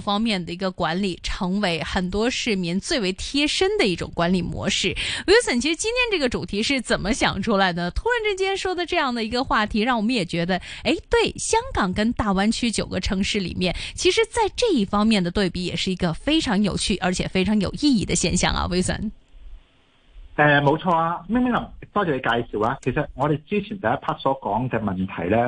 方面的一個管理，成為很多市民最為貼身的一種管理模式。Wilson，其實今天這個主題是怎麼想出來的？突然之間說的這樣的一個話題，讓我們也覺得，哎，對，香港跟大灣區九個城市裡面，其實在這一方面的對比，也是一個非常有趣而且非常有意義的現象啊。Wilson，誒，冇、呃、錯啊 m i n 多謝你介紹啊。其實我哋之前第一 part 所講嘅問題咧，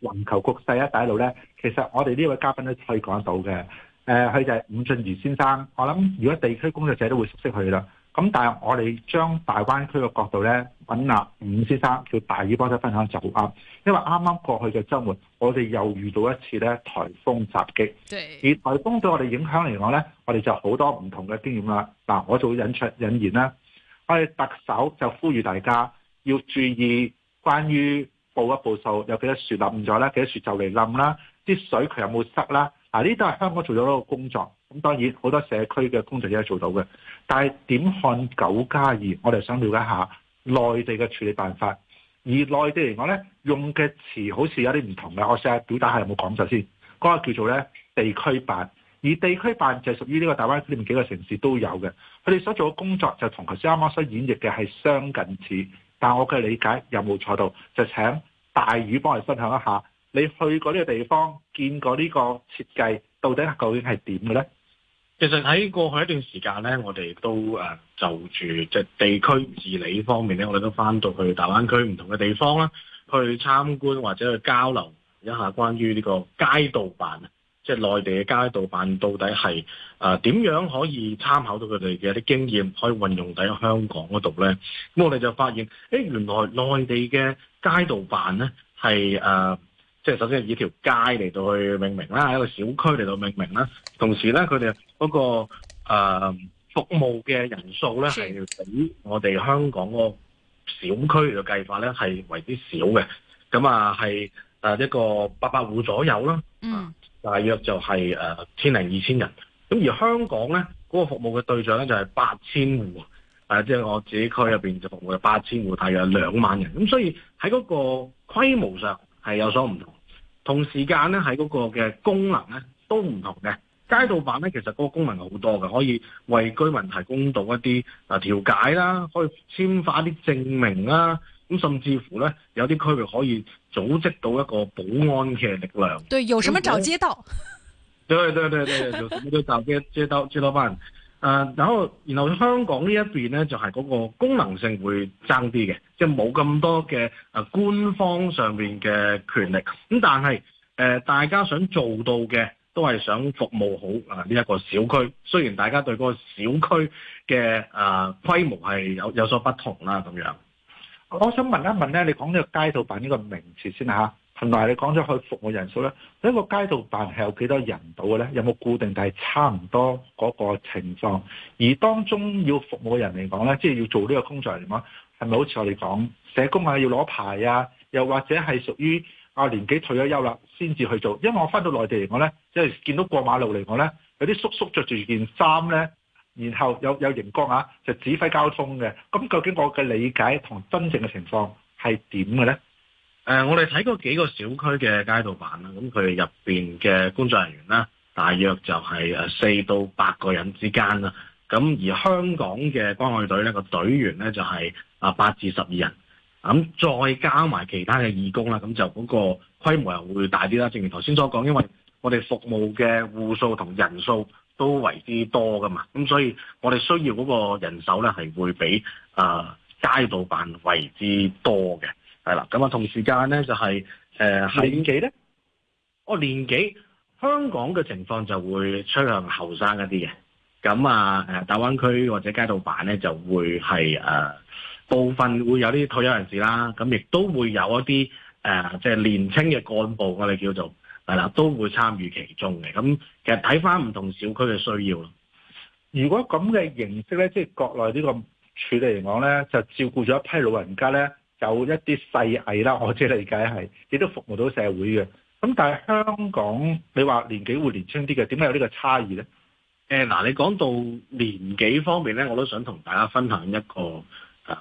環、嗯、球局勢啊，大佬呢，其實我哋呢位嘉賓都可以講到嘅。誒，佢、呃、就係伍俊瑜先生。我諗，如果地區工作者都會熟悉佢啦。咁但係我哋將大灣區嘅角度咧，揾納伍先生叫大宇幫手分享就好啱，因為啱啱過去嘅週末，我哋又遇到一次咧颱風襲擊。而對颱風對我哋影響嚟講咧，我哋就好多唔同嘅經驗啦。嗱，我就引出引言啦。我哋特首就呼籲大家要注意關於報一報數，有幾多樹冧咗啦，幾多樹就嚟冧啦？啲水渠有冇塞啦？嗱，呢、啊、都係香港做咗一個工作，咁當然好多社區嘅工作亦係做到嘅。但係點看九加二，2，我哋想了解下內地嘅處理辦法。而內地嚟講咧，用嘅詞好似有啲唔同嘅，我試下表達下有冇講就先。嗰、那個叫做咧地區辦，而地區辦就係屬於呢個大灣區裏面幾個城市都有嘅。佢哋所做嘅工作就同頭先啱啱所演繹嘅係相近似，但我嘅理解有冇錯到？就請大瑜幫你分享一下。你去過呢個地方，見過呢個設計，到底究竟係點嘅呢？其實喺過去一段時間呢，我哋都誒、呃、就住即係、就是、地區治理方面呢，我哋都返到去大灣區唔同嘅地方啦，去參觀或者去交流一下關於呢個街道辦，即、就、係、是、內地嘅街道辦，到底係誒點樣可以參考到佢哋嘅一啲經驗，可以運用喺香港嗰度呢？咁我哋就發現，誒、欸、原來內地嘅街道辦呢係誒。即係首先以一條街嚟到去命名啦，喺個小區嚟到命名啦。同時咧，佢哋嗰個誒服務嘅人數咧係要比我哋香港個小區嘅計劃咧係為之少嘅。咁啊係誒一個八百戶左右啦，嗯，大約就係誒千零二千人。咁而香港咧嗰個服務嘅對象咧就係八千戶，誒即係我自己區入邊就服務嘅八千戶，大約兩萬人。咁、嗯、所以喺嗰個規模上，係有所唔同，同時間咧喺嗰個嘅功能咧都唔同嘅。街道辦咧其實嗰個功能好多嘅，可以為居民提供到一啲啊調解啦，可以簽發啲證明啦、啊、咁、嗯、甚至乎咧有啲區域可以組織到一個保安嘅力量。對，有什麼找街道？對，對對對對，有什麼都找街街道街道辦。誒，然後然後香港呢一邊呢，就係、是、嗰個功能性會爭啲嘅，即係冇咁多嘅誒官方上面嘅權力咁，但係誒、呃、大家想做到嘅都係想服務好啊呢一個小區，雖然大家對嗰個小區嘅誒、呃、規模係有有所不同啦，咁樣。我想問一問呢，你講呢個街道辦呢個名詞先吓、啊。同埋你講咗佢服務人數咧，一個街道辦係有幾多人到嘅咧？有冇固定但係差唔多嗰個情況？而當中要服務嘅人嚟講咧，即係要做呢個工作嚟講，係咪好似我哋講社工啊要攞牌啊？又或者係屬於啊年紀退咗休啦先至去做？因為我翻到內地嚟講咧，即係見到過馬路嚟講咧，有啲叔叔着住件衫咧，然後有有熒光啊，就指揮交通嘅。咁究竟我嘅理解同真正嘅情況係點嘅咧？誒、呃，我哋睇過幾個小區嘅街道辦啦，咁佢入面嘅工作人員呢，大約就係四到八個人之間啦。咁而香港嘅關愛隊呢個隊員呢，就係啊八至十二人，咁再加埋其他嘅義工啦，咁就嗰個規模又會大啲啦。正如頭先所講，因為我哋服務嘅戶數同人數都為之多噶嘛，咁所以我哋需要嗰個人手呢，係會比誒、呃、街道辦為之多嘅。係啦，咁啊，同時間咧就係、是、誒、呃、年紀咧，我、哦、年紀香港嘅情況就會趨向後生一啲嘅，咁啊誒，大、呃、灣區或者街道辦咧就會係誒、呃、部分會有啲退休人士啦，咁亦都會有一啲誒即係年輕嘅幹部，我哋叫做係啦，都會參與其中嘅。咁其實睇返唔同小區嘅需要咯。如果咁嘅形式咧，即、就、係、是、國內呢個處理嚟講咧，就照顧咗一批老人家咧。有一啲細藝啦，我之理解係，亦都服務到社會嘅。咁但係香港，你話年紀會年輕啲嘅，點解有呢個差異呢？誒嗱、呃，你講到年紀方面呢，我都想同大家分享一個誒、呃、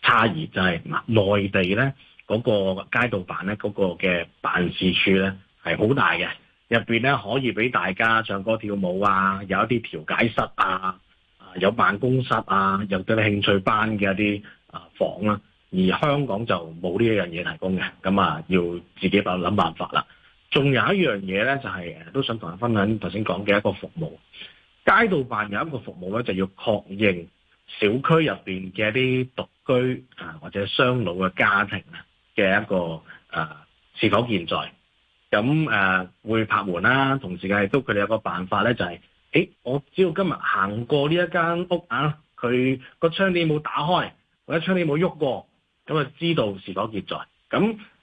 差異，就係、是、嗱，內、呃、地呢，嗰、那個街道辦呢，嗰、那個嘅辦事處呢，係好大嘅，入邊呢，可以俾大家唱歌跳舞啊，有一啲調解室啊，有辦公室啊，有啲興趣班嘅一啲啊、呃、房啊。而香港就冇呢一樣嘢提供嘅，咁啊要自己辦諗辦法啦。仲有一樣嘢咧，就係都想同你分享頭先講嘅一個服務。街道辦有一個服務咧，就要確認小區入面嘅啲獨居啊或者雙老嘅家庭啊嘅一個啊是否健在。咁誒、啊、會拍門啦、啊，同時嘅亦都佢哋有個辦法咧，就係、是、誒、欸、我只要今日行過呢一間屋啊，佢個窗簾冇打開，或者窗簾冇喐過。咁啊，知道是否結在咁？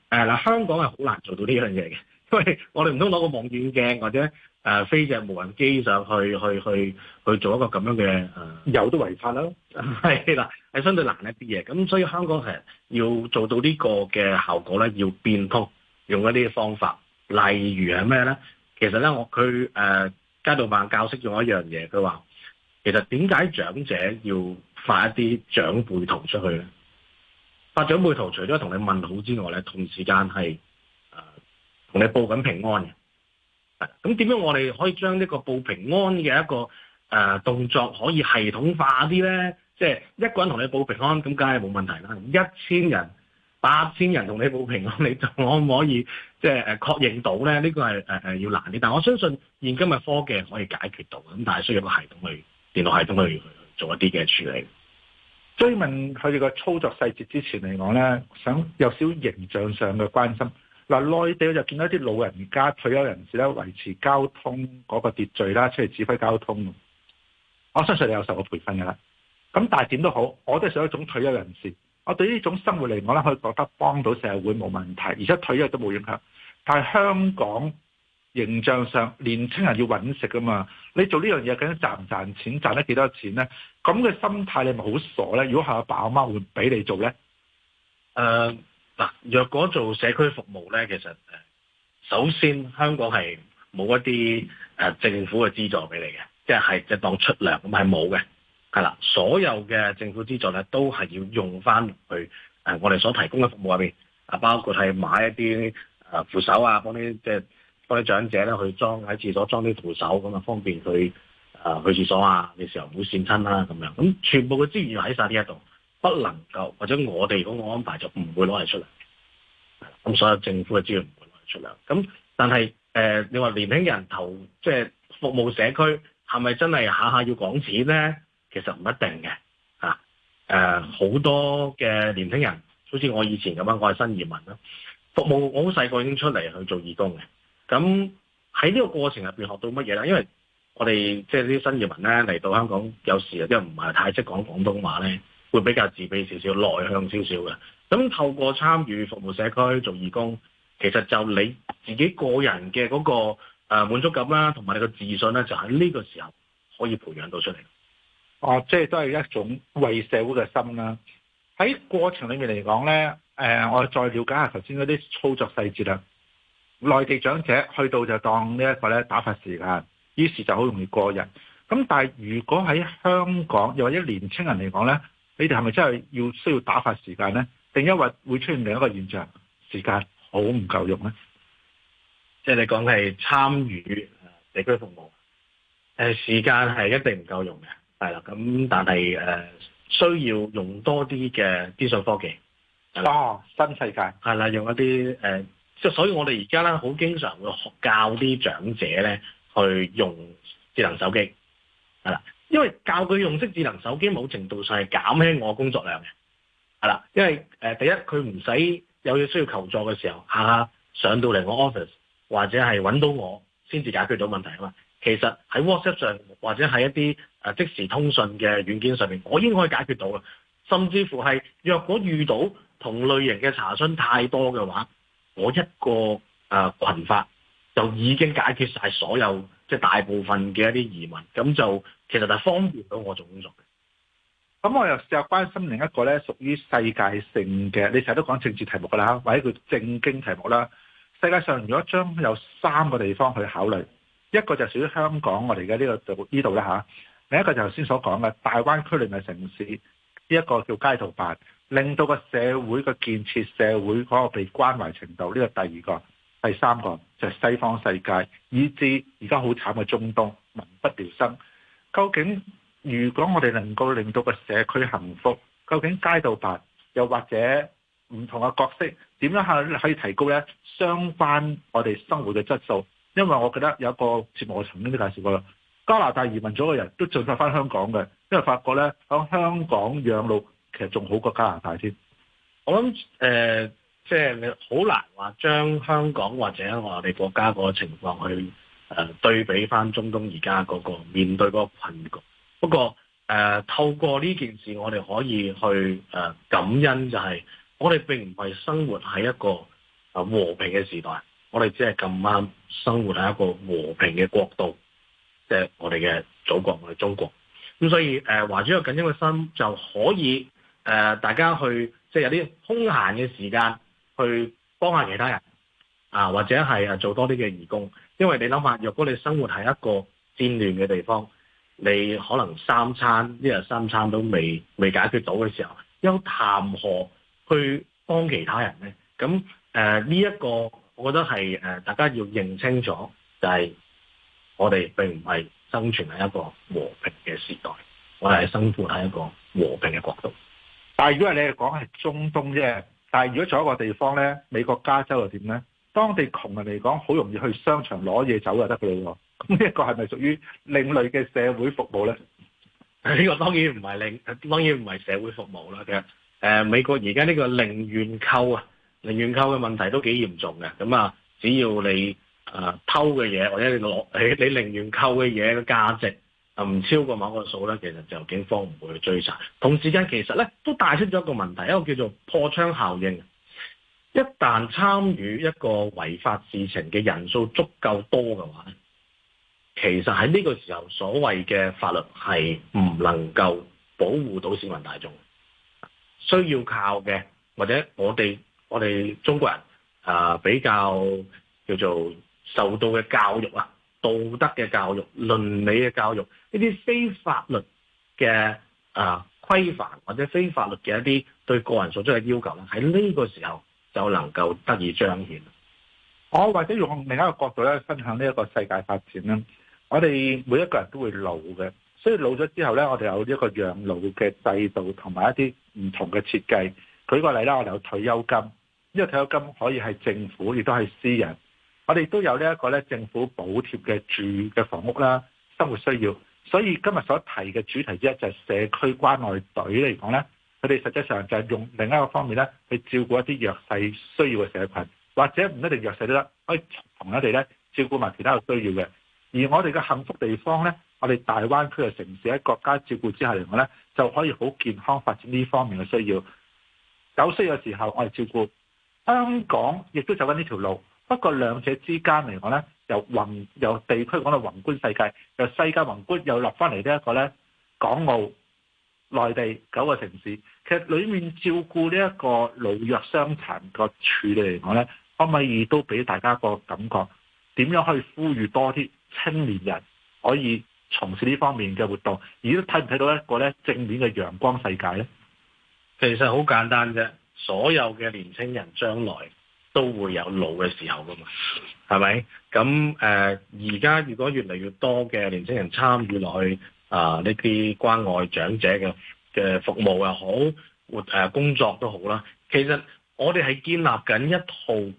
嗱、呃，香港係好難做到呢樣嘢嘅，因為我哋唔通攞個望遠鏡或者誒、呃、飛隻無人機上去去去去做一個咁樣嘅、呃、有都違法啦，係啦，係相對難一啲嘢。咁所以香港其實要做到呢個嘅效果咧，要變通用一啲方法，例如係咩咧？其實咧，我佢誒街道辦教識用一樣嘢，佢話其實點解長者要發一啲長輩圖出去咧？發獎杯圖除咗同你問好之外咧，同時間係誒同你報緊平安嘅。咁、啊、點樣我哋可以將呢個報平安嘅一個誒、呃、動作可以系統化啲咧？即、就、係、是、一個人同你報平安，咁梗係冇問題啦。一千人、八千人同你報平安，你就可唔可以即係誒確認到咧？呢、這個係誒誒要難啲，但係我相信現今嘅科技可以解決到咁，但係需要個系統去，電腦系統去做一啲嘅處理。追問佢哋個操作細節之前嚟講咧，想有少形象上嘅關心。嗱，內地我就見到一啲老人家退休人士咧，維持交通嗰個秩序啦，出嚟指揮交通。我相信你有受過培訓㗎啦。咁但係點都好，我都係想一種退休人士。我對呢種生活嚟講咧，可以覺得幫到社會冇問題，而且退休都冇影響。但係香港形象上，年輕人要揾食㗎嘛。你做呢樣嘢究竟賺唔賺錢？賺得幾多錢咧？咁嘅心態你咪好傻咧？如果下阿爸阿媽會俾你做咧？誒嗱、呃，若果做社區服務咧，其實誒首先香港係冇一啲誒政府嘅資助俾你嘅，即係係即當出糧咁係冇嘅，係啦，所有嘅政府資助咧都係要用翻去誒我哋所提供嘅服務入面，啊包括係買一啲誒扶手啊，幫啲即係幫啲長者咧去裝喺廁所裝啲扶手咁啊，方便佢。啊！去廁所啊，你時候唔好跣親啦，咁樣，咁全部嘅資源喺晒呢一度，不能夠或者我哋嗰個安排就唔會攞嚟出嚟。咁所有政府嘅資源唔會攞嚟出糧。咁但係誒、呃，你話年輕人投即係服務社區，係咪真係下下要講錢咧？其實唔一定嘅吓誒，好、啊呃、多嘅年輕人，好似我以前咁樣，我係新移民啦，服務我好細個已經出嚟去做義工嘅。咁喺呢個過程入邊學到乜嘢啦？因為我哋即係啲新移民咧嚟到香港有時啊，因為唔係太識講廣東話咧，會比較自卑少少、內向少少嘅。咁透過參與服務社區做義工，其實就你自己個人嘅嗰個誒滿足感啦，同埋你個自信咧，就喺呢個時候可以培養到出嚟。哦，即係都係一種為社會嘅心啦。喺過程裏面嚟講咧，誒、呃，我再了解下頭先嗰啲操作細節啦。內地長者去到就當呢一個咧打發時間。於是就好容易過日，咁但係如果喺香港又或者年青人嚟講咧，你哋係咪真係要需要打發時間咧？定因為會出現另一個現象，時間好唔夠用咧？即係你講嘅係參與地區服務，誒、嗯、時間係一定唔夠用嘅，係啦。咁但係、呃、需要用多啲嘅資訊科技，哦，新世界係啦，用一啲即係、呃、所以我哋而家咧好經常會學教啲長者咧。去用智能手機，係啦，因為教佢用識智能手機，某程度上係減輕我工作量嘅，係啦，因為、呃、第一佢唔使有嘢需要求助嘅時候，下下上到嚟我 office 或者係揾到我先至解決到問題啊嘛。其實喺 WhatsApp 上或者喺一啲、呃、即時通訊嘅軟件上面，我應該可以解決到嘅。甚至乎係若果遇到同類型嘅查詢太多嘅話，我一個、呃、群發，就已經解決晒所有即係、就是、大部分嘅一啲移民。咁就其實就方便到我做工作嘅。咁我又試下關心另一個咧，屬於世界性嘅，你成日都講政治題目㗎啦，或者叫政經題目啦。世界上如果將有三個地方去考慮，一個就屬於香港我哋嘅呢個度呢度啦吓，另一個就頭先所講嘅大灣區裏嘅城市，呢、這、一個叫街道辦，令到個社會嘅建設、社會嗰個被關懷程度，呢、這個第二個。第三個就係、是、西方世界，以至而家好慘嘅中東民不聊生。究竟如果我哋能夠令到個社區幸福，究竟街道辦，又或者唔同嘅角色點樣下可以提高呢相關我哋生活嘅質素？因為我記得有一個節目我曾經都介紹過啦，加拿大移民咗嘅人都進發翻香港嘅，因為發覺呢喺香港養老其實仲好過加拿大添。我諗誒。呃即係你好難話將香港或者我哋國家嗰個情況去誒對比翻中東而家嗰個面對嗰個困局。不過誒、呃、透過呢件事，我哋可以去誒、呃、感恩，就係我哋並唔係生活喺一個和平嘅時代，我哋只係咁啱生活喺一個和平嘅國度，即、就、係、是、我哋嘅祖國，我哋中國，咁所以懷住一個咁樣嘅心就可以誒、呃，大家去即係、就是、有啲空閒嘅時間。去幫下其他人啊，或者係做多啲嘅義工，因為你諗下，若果你生活喺一個戰亂嘅地方，你可能三餐這一日三餐都未未解決到嘅時候，又談何去幫其他人呢？咁誒呢一個，我覺得係誒、呃、大家要認清楚，就係、是、我哋並唔係生存喺一個和平嘅時代，我哋係生活喺一個和平嘅國度。但係如果係你哋講係中東啫。但係，如果仲有一個地方咧，美國加州又點咧？當地窮人嚟講，好容易去商場攞嘢走就得嘅嘞喎。咁呢一個係咪屬於另類嘅社會服務咧？呢個當然唔係另當然唔係社會服務啦。其實誒，美國而家呢個零元購啊，零元購嘅問題都幾嚴重嘅。咁啊，只要你啊、呃、偷嘅嘢，或者你攞你你零元購嘅嘢嘅價值，唔超過某個數咧，其實就警方唔會去追查。同時間其實咧都帶出咗一個問題，一個叫做破窗效應。一旦參與一個違法事情嘅人數足夠多嘅話咧，其實喺呢個時候所謂嘅法律係唔能夠保護到市民大眾，需要靠嘅或者我哋我哋中國人，呃，比較叫做受到嘅教育啊。道德嘅教育、倫理嘅教育，呢啲非法律嘅啊、呃、規範或者非法律嘅一啲對個人作出嘅要求咧，喺呢個時候就能夠得以彰顯。我或者用另一個角度咧，分享呢一個世界發展咧，我哋每一個人都會老嘅，所以老咗之後咧，我哋有一個養老嘅制度同埋一啲唔同嘅設計。舉個例啦，我哋有退休金，呢個退休金可以係政府亦都係私人。我哋都有呢一個咧，政府補貼嘅住嘅房屋啦，生活需要。所以今日所提嘅主題之一就係社區關愛隊嚟講咧，佢哋實際上就係用另一個方面咧，去照顧一啲弱勢需要嘅社群，或者唔一定弱勢都得，可以同我哋咧照顧埋其他有需要嘅。而我哋嘅幸福地方咧，我哋大灣區嘅城市喺國家照顧之下嚟講咧，就可以好健康發展呢方面嘅需要。有需要嘅時候我哋照顧。香港亦都走緊呢條路。不過兩者之間嚟講咧，由宏由地區講到宏觀世界，由世界宏觀又落翻嚟呢一個咧，港澳、內地九個城市，其實裡面照顧呢一個老弱傷殘個處理嚟講可唔可以都俾大家個感覺，點樣可以呼籲多啲青年人可以從事呢方面嘅活動，而都睇唔睇到一個咧正面嘅陽光世界咧？其實好簡單啫，所有嘅年青人將來。都會有老嘅時候噶嘛，係咪？咁誒，而家如果越嚟越多嘅年輕人參與落去啊呢啲關愛長者嘅嘅服務又好，活、呃、誒工作都好啦。其實我哋係建立緊一套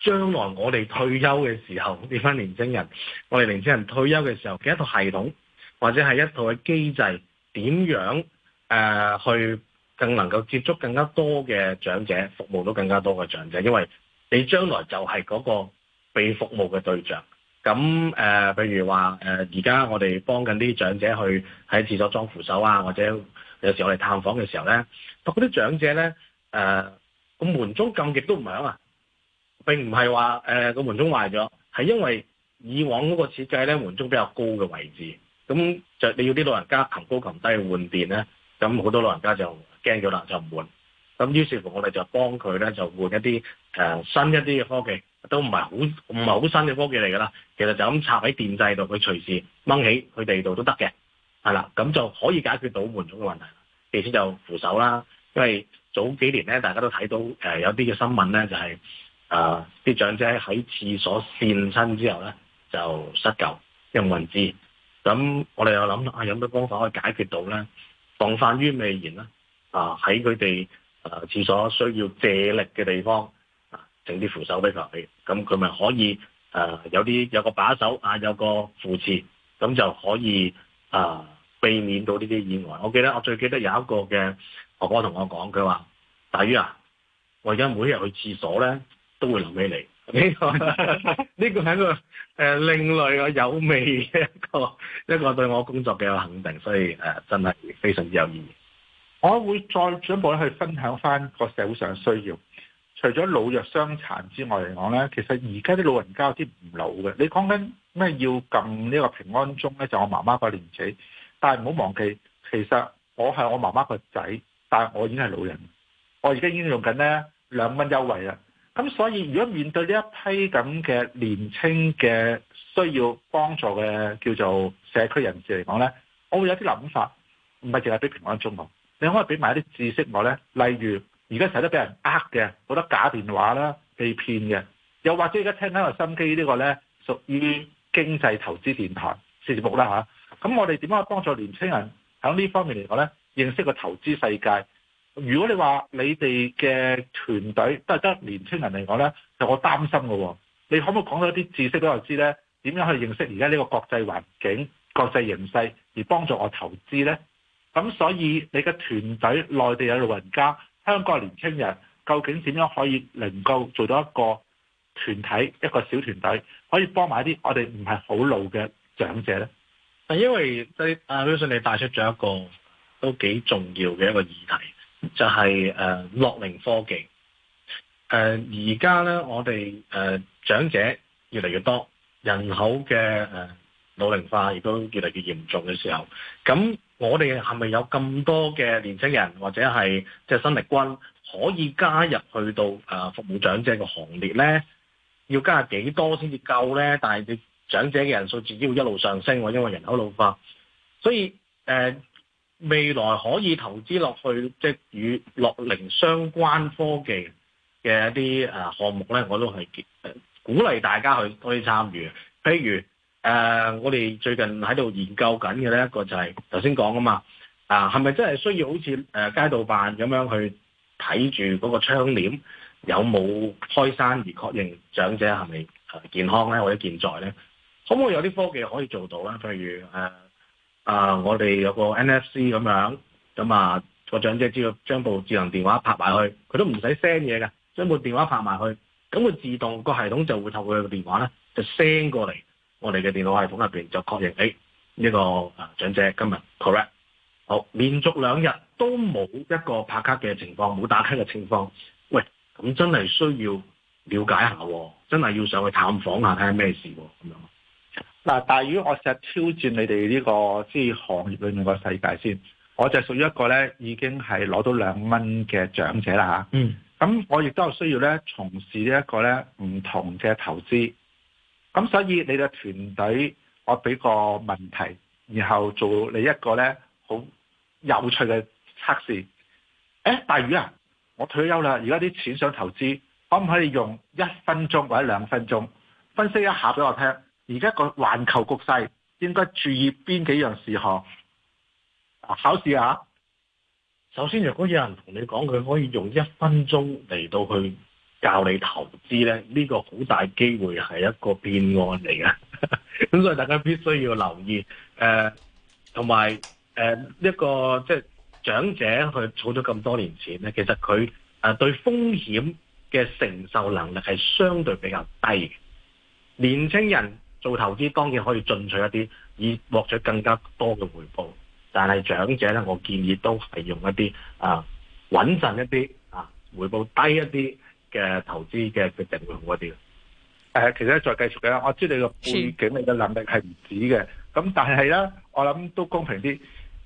將來我哋退休嘅時候，呢班年輕人，我哋年輕人退休嘅時候嘅一套系統，或者係一套嘅機制，點樣誒去更能夠接觸更加多嘅長者，服務到更加多嘅長者，因為你將來就係嗰個被服務嘅對象，咁誒，譬、呃、如話誒，而、呃、家我哋幫緊啲長者去喺廁所裝扶手啊，或者有時我哋探訪嘅時候咧，啲長者咧誒個門鐘撳極都唔響啊，並唔係話誒個門鐘壞咗，係因為以往嗰個設計咧門鐘比較高嘅位置，咁就你要啲老人家擒高擒低換電咧，咁好多老人家就驚咗啦，就唔換。咁於是乎，我哋就幫佢咧，就換一啲誒、呃、新一啲嘅科技，都唔係好唔係好新嘅科技嚟㗎啦。其實就咁插喺電掣度，佢隨時掹起佢哋度都得嘅，係啦。咁就可以解決到門鎖嘅問題。其次就扶手啦，因為早幾年咧，大家都睇到誒、呃、有啲嘅新聞咧，就係啊啲長者喺廁所跣身之後咧就失救，用唔暈。咁我哋又諗啊，有咩方法可以解決到咧？防範於未然啦，啊喺佢哋。啊、呃！廁所需要借力嘅地方啊，整啲扶手俾佢，咁佢咪可以啊、呃？有啲有個把手啊，有個扶持，咁就可以啊、呃，避免到呢啲意外。我記得我最記得有一個嘅哥哥同我講，佢話：大瑜啊，我而家每日去廁所咧，都會留俾你。呢、這個呢個係一個誒、呃、另類嘅有味嘅一個一個對我工作嘅肯定，所以誒、呃、真係非常之有意義。我會再進一步去分享翻個社會上嘅需要，除咗老弱傷殘之外嚟講呢，其實而家啲老人家有啲唔老嘅。你講緊咩要撳呢個平安鐘呢？就我媽媽個年紀，但係唔好忘記，其實我係我媽媽個仔，但係我已經係老人，我而家已經用緊呢兩蚊優惠啦。咁所以如果面對呢一批咁嘅年青嘅需要幫助嘅叫做社區人士嚟講呢，我會有啲諗法，唔係淨係俾平安鐘喎。你可，可以俾埋一啲知識我咧，例如而家成日都俾人呃嘅，好多假電話啦，被騙嘅，又或者而家聽緊個心機個呢個咧，屬於經濟投資電台節目啦吓，咁我哋點樣去幫助年青人喺呢方面嚟講咧，認識個投資世界？如果你話你哋嘅團隊都係得年青人嚟講咧，就我擔心嘅喎。你可唔可以講到一啲知識俾我知咧？點樣去認識而家呢個國際環境、國際形勢，而幫助我投資咧？咁所以你嘅團隊內地有老人家，香港年青人，究竟點樣可以能夠做到一個團體，一個小團體，可以幫埋一啲我哋唔係好老嘅長者咧？因為對啊，Wilson 你帶出咗一個都幾重要嘅一個議題，就係誒樂齡科技。而家咧，我哋誒、呃、長者越嚟越多，人口嘅、呃、老齡化亦都越嚟越嚴重嘅時候，咁。我哋係咪有咁多嘅年青人或者係即係新力軍可以加入去到服務長者嘅行列呢？要加入幾多先至夠呢？但係你長者嘅人數自己會一路上升喎，因為人口老化，所以、呃、未來可以投資落去即係與樂齡相關科技嘅一啲、呃、項目呢，我都係、呃、鼓勵大家去多啲參與，譬如。誒、呃，我哋最近喺度研究緊嘅呢一個就係頭先講㗎嘛。啊，係咪真係需要好似、呃、街道辦咁樣去睇住嗰個窗簾有冇開閂而確認長者係咪健康咧或者健在咧？可唔可以有啲科技可以做到呢？譬如誒啊、呃呃，我哋有個 NFC 咁樣咁啊，個長者只要將部智能電話拍埋去，佢都唔使 send 嘢㗎。將部電話拍埋去，咁佢自動個系統就會透過個電話咧就 send 過嚟。我哋嘅電腦系統入邊就確認，誒、哎、呢、這個長者今日 correct，好連續兩日都冇一個拍卡嘅情況，冇打卡嘅情況，喂咁真係需要了解下，真係要上去探訪下睇下咩事咁樣。嗱，但如果我成日挑戰你哋呢個即係行業裏面個世界先，我就屬於一個咧已經係攞到兩蚊嘅長者啦吓，嗯，咁我亦都係需要咧從事呢一個咧唔同嘅投資。咁所以你嘅團隊，我俾個問題，然後做你一個呢好有趣嘅測試。誒，大瑜啊，我退休啦，而家啲錢想投資，可唔可以用一分鐘或者兩分鐘分析一下俾我聽？而家個環球局勢應該注意邊幾樣事項？考試啊！首先，如果有人同你講佢可以用一分鐘嚟到去，教你投資咧，呢、這個好大機會係一個騙案嚟嘅，咁 所以大家必須要留意。誒、呃，同埋誒一個即係、就是、長者佢儲咗咁多年錢咧，其實佢誒、呃、對風險嘅承受能力係相對比較低。年青人做投資當然可以進取一啲，以獲取更加多嘅回報。但係長者咧，我建議都係用一啲啊穩陣一啲啊，回報低一啲，嘅投資嘅決定會好啲嘅，誒、呃，其實再繼續嘅，我知你嘅背景，是你嘅能力係唔止嘅，咁但係咧，我諗都公平啲，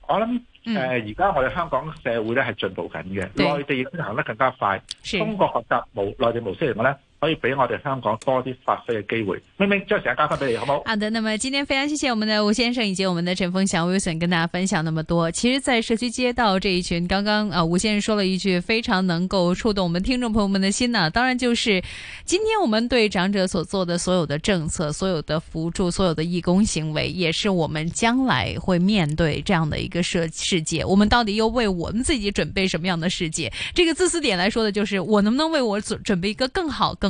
我諗誒，而、呃、家、嗯、我哋香港社會咧係進步緊嘅，對內地已經行得更加快，通過是學習模內地模式嚟講咧。可以俾我哋香港多啲發揮嘅機會，明明將時間交翻俾你，好唔好？好的，啊，那麼今天非常謝謝我們的伍先生以及我們的陳峰祥，Wilson 跟大家分享那麼多。其實，在社區街道這一群，剛剛啊伍先生說了一句非常能夠觸動我們聽眾朋友們的心呢，啊、當然就是，今天我們對長者所做的所有的政策，所有的扶助，所有的義工行為，也是我們將來會面對這樣的一個社世界。我們到底又為我們自己準備什麼樣的世界？這個自私點來說，的就是我能不能為我準準備一個更好、更